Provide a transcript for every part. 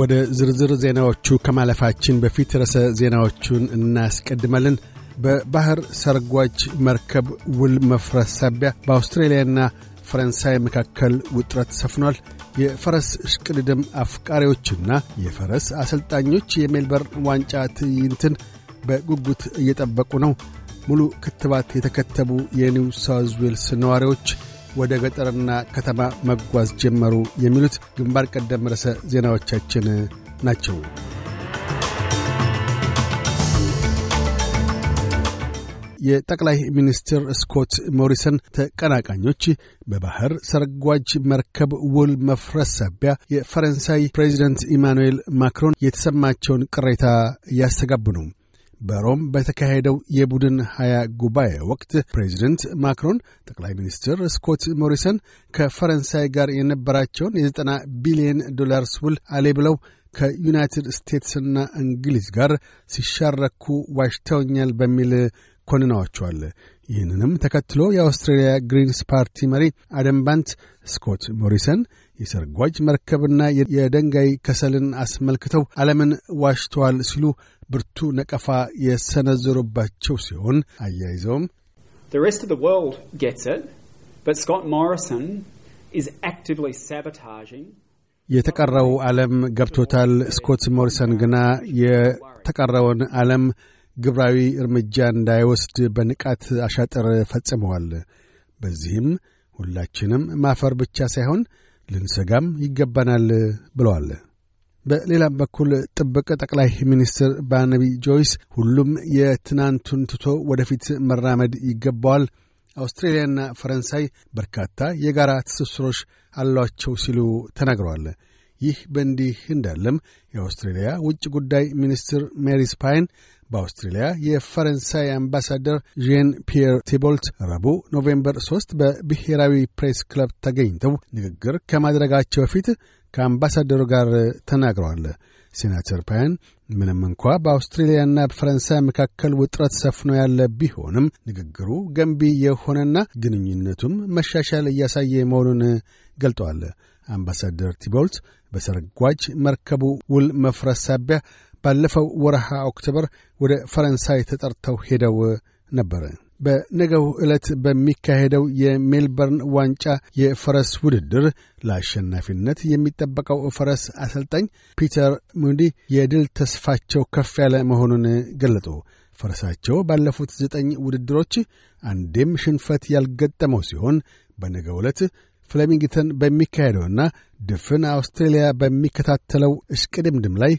ወደ ዝርዝር ዜናዎቹ ከማለፋችን በፊት ርዕሰ ዜናዎቹን እናስቀድማለን። በባህር ሰርጓጅ መርከብ ውል መፍረስ ሳቢያ በአውስትራሊያና ፈረንሳይ መካከል ውጥረት ሰፍኗል። የፈረስ እሽቅድድም አፍቃሪዎችና የፈረስ አሰልጣኞች የሜልበርን ዋንጫ ትዕይንትን በጉጉት እየጠበቁ ነው። ሙሉ ክትባት የተከተቡ የኒው ሳውዝ ዌልስ ነዋሪዎች ወደ ገጠርና ከተማ መጓዝ ጀመሩ የሚሉት ግንባር ቀደም ርዕሰ ዜናዎቻችን ናቸው። የጠቅላይ ሚኒስትር ስኮት ሞሪሰን ተቀናቃኞች በባህር ሰርጓጅ መርከብ ውል መፍረስ ሳቢያ የፈረንሳይ ፕሬዚደንት ኢማኑኤል ማክሮን የተሰማቸውን ቅሬታ እያስተጋቡ ነው። በሮም በተካሄደው የቡድን ሀያ ጉባኤ ወቅት ፕሬዚደንት ማክሮን ጠቅላይ ሚኒስትር ስኮት ሞሪሰን ከፈረንሳይ ጋር የነበራቸውን የዘጠና ቢሊዮን ዶላርስ ውል አሌ ብለው ከዩናይትድ ስቴትስና እንግሊዝ ጋር ሲሻረኩ ዋሽተውኛል በሚል ኮንነዋቸዋል። ይህንንም ተከትሎ የአውስትሬልያ ግሪንስ ፓርቲ መሪ አደም ባንት ስኮት ሞሪሰን የሰርጓጅ መርከብና የድንጋይ ከሰልን አስመልክተው ዓለምን ዋሽተዋል ሲሉ ብርቱ ነቀፋ የሰነዘሩባቸው ሲሆን አያይዘውም የተቀረው ዓለም ገብቶታል። ስኮት ሞሪሰን ግና የተቀረውን ዓለም ግብራዊ እርምጃ እንዳይወስድ በንቃት አሻጥር ፈጽመዋል። በዚህም ሁላችንም ማፈር ብቻ ሳይሆን ልንሰጋም ይገባናል ብለዋል። በሌላም በኩል ጥብቅ ጠቅላይ ሚኒስትር ባነቢ ጆይስ ሁሉም የትናንቱን ትቶ ወደፊት መራመድ ይገባዋል፣ አውስትሬልያና ፈረንሳይ በርካታ የጋራ ትስስሮች አሏቸው ሲሉ ተናግረዋል። ይህ በእንዲህ እንዳለም የአውስትሬልያ ውጭ ጉዳይ ሚኒስትር ሜሪስ ፓይን በአውስትሬልያ የፈረንሳይ አምባሳደር ዣን ፒየር ቲቦልት ረቡዕ ኖቬምበር 3 በብሔራዊ ፕሬስ ክለብ ተገኝተው ንግግር ከማድረጋቸው በፊት ከአምባሳደሩ ጋር ተናግረዋል። ሴናተር ፓያን ምንም እንኳ በአውስትሬልያና በፈረንሳይ መካከል ውጥረት ሰፍኖ ያለ ቢሆንም ንግግሩ ገንቢ የሆነና ግንኙነቱም መሻሻል እያሳየ መሆኑን ገልጠዋል። አምባሳደር ቲቦልት በሰርጓጅ መርከቡ ውል መፍረስ ሳቢያ ባለፈው ወረሃ ኦክቶበር ወደ ፈረንሳይ ተጠርተው ሄደው ነበር። በነገው ዕለት በሚካሄደው የሜልበርን ዋንጫ የፈረስ ውድድር ለአሸናፊነት የሚጠበቀው ፈረስ አሰልጣኝ ፒተር ሙንዲ የድል ተስፋቸው ከፍ ያለ መሆኑን ገለጡ። ፈረሳቸው ባለፉት ዘጠኝ ውድድሮች አንዴም ሽንፈት ያልገጠመው ሲሆን በነገው ዕለት ፍለሚንግተን በሚካሄደውና ድፍን አውስትሬልያ በሚከታተለው እሽቅድምድም ላይ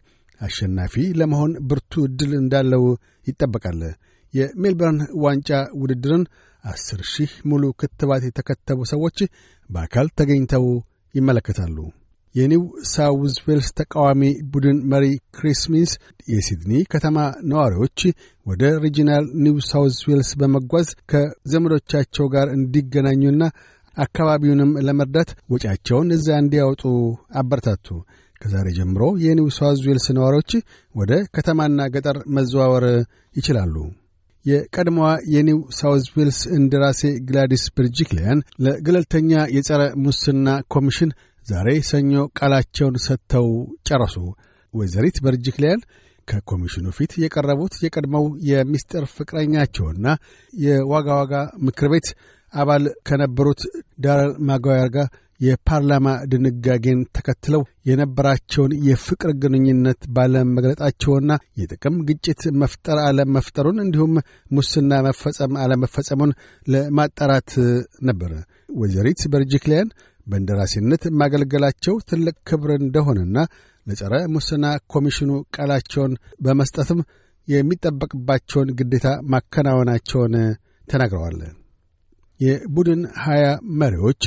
አሸናፊ ለመሆን ብርቱ ዕድል እንዳለው ይጠበቃል። የሜልበርን ዋንጫ ውድድርን አስር ሺህ ሙሉ ክትባት የተከተቡ ሰዎች በአካል ተገኝተው ይመለከታሉ። የኒው ሳውዝ ዌልስ ተቃዋሚ ቡድን መሪ ክሪስ ሚንስ የሲድኒ ከተማ ነዋሪዎች ወደ ሪጂናል ኒው ሳውዝ ዌልስ በመጓዝ ከዘመዶቻቸው ጋር እንዲገናኙና አካባቢውንም ለመርዳት ወጪያቸውን እዛ እንዲያወጡ አበረታቱ። ከዛሬ ጀምሮ የኒው ሳውዝ ዌልስ ነዋሪዎች ወደ ከተማና ገጠር መዘዋወር ይችላሉ። የቀድሞዋ የኒው ሳውዝ ዌልስ እንደራሴ ግላዲስ ብርጅክሊያን ለገለልተኛ የጸረ ሙስና ኮሚሽን ዛሬ ሰኞ ቃላቸውን ሰጥተው ጨረሱ። ወይዘሪት በርጅክሊያን ከኮሚሽኑ ፊት የቀረቡት የቀድሞው የሚስጢር ፍቅረኛቸውና የዋጋ ዋጋ ምክር ቤት አባል ከነበሩት ዳረል ማጓየር ጋር የፓርላማ ድንጋጌን ተከትለው የነበራቸውን የፍቅር ግንኙነት ባለመግለጣቸውና የጥቅም ግጭት መፍጠር አለመፍጠሩን እንዲሁም ሙስና መፈጸም አለመፈጸሙን ለማጣራት ነበር። ወይዘሪት በርጅክሊያን በእንደራሴነት ማገልገላቸው ትልቅ ክብር እንደሆነና ለጸረ ሙስና ኮሚሽኑ ቃላቸውን በመስጠትም የሚጠበቅባቸውን ግዴታ ማከናወናቸውን ተናግረዋል። የቡድን ሀያ መሪዎች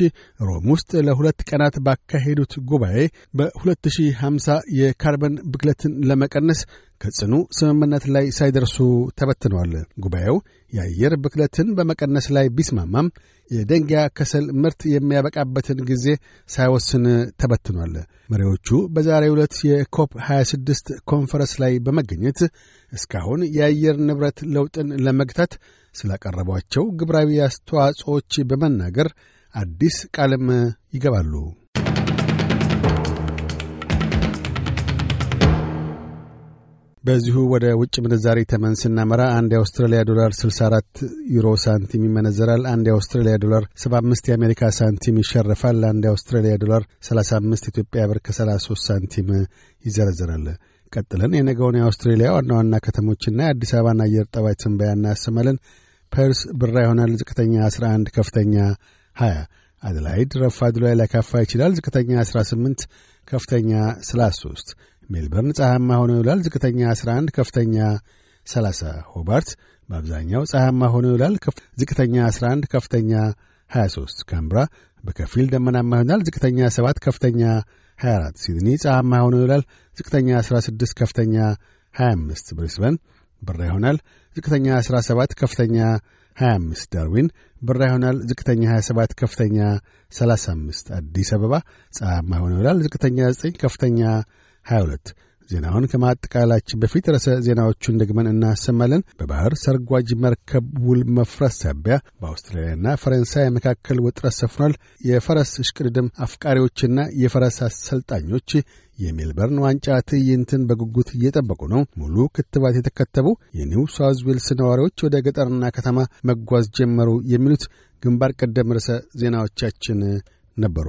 ሮም ውስጥ ለሁለት ቀናት ባካሄዱት ጉባኤ በ2050 የካርበን ብክለትን ለመቀነስ ከጽኑ ስምምነት ላይ ሳይደርሱ ተበትነዋል። ጉባኤው የአየር ብክለትን በመቀነስ ላይ ቢስማማም የደንጊያ ከሰል ምርት የሚያበቃበትን ጊዜ ሳይወስን ተበትኗል። መሪዎቹ በዛሬ ዕለት የኮፕ 26 ኮንፈረንስ ላይ በመገኘት እስካሁን የአየር ንብረት ለውጥን ለመግታት ስላቀረቧቸው ግብራዊ አስተዋጽዎች በመናገር አዲስ ቃልም ይገባሉ። በዚሁ ወደ ውጭ ምንዛሪ ተመን ስናመራ አንድ የአውስትራሊያ ዶላር 64 ዩሮ ሳንቲም ይመነዘራል። አንድ የአውስትራሊያ ዶላር 75 የአሜሪካ ሳንቲም ይሸርፋል። አንድ የአውስትራሊያ ዶላር 35 ኢትዮጵያ ብር ከ33 ሳንቲም ይዘረዘራል። ቀጥለን የነገውን የአውስትሬሊያ ዋና ዋና ከተሞችና የአዲስ አበባን አየር ጠባይ ትንበያ እናያሰማለን። ፐርስ ብራ ይሆናል። ዝቅተኛ 11፣ ከፍተኛ 20። አደላይድ ረፋዱ ላይ ሊያካፋ ይችላል። ዝቅተኛ 18፣ ከፍተኛ 33። ሜልበርን ፀሐያማ ሆኖ ይውላል። ዝቅተኛ 11፣ ከፍተኛ 30። ሆባርት በአብዛኛው ፀሐያማ ሆኖ ይውላል። ዝቅተኛ 11፣ ከፍተኛ 23። ካምብራ በከፊል ደመናማ ይሆናል። ዝቅተኛ 7፣ ከፍተኛ 24። ሲድኒ ፀሐያማ ሆኖ ይውላል። ዝቅተኛ 16፣ ከፍተኛ 25። ብሪስበን ብራ ይሆናል። ዝቅተኛ 17 ከፍተኛ 25 ዳርዊን ብራ ይሆናል። ዝቅተኛ 27 ከፍተኛ 35 አዲስ አበባ ፀሐያማ ይሆናል። ዝቅተኛ 9 ከፍተኛ 22 ዜናውን ከማጠቃላችን በፊት ርዕሰ ዜናዎቹን ደግመን እናሰማለን። በባህር ሰርጓጅ መርከብ ውል መፍረስ ሳቢያ በአውስትራሊያና ፈረንሳይ መካከል ውጥረት ሰፍኗል። የፈረስ እሽቅድድም አፍቃሪዎችና የፈረስ አሰልጣኞች የሜልበርን ዋንጫ ትዕይንትን በጉጉት እየጠበቁ ነው። ሙሉ ክትባት የተከተቡ የኒው ሳውዝ ዌልስ ነዋሪዎች ወደ ገጠርና ከተማ መጓዝ ጀመሩ። የሚሉት ግንባር ቀደም ርዕሰ ዜናዎቻችን ነበሩ።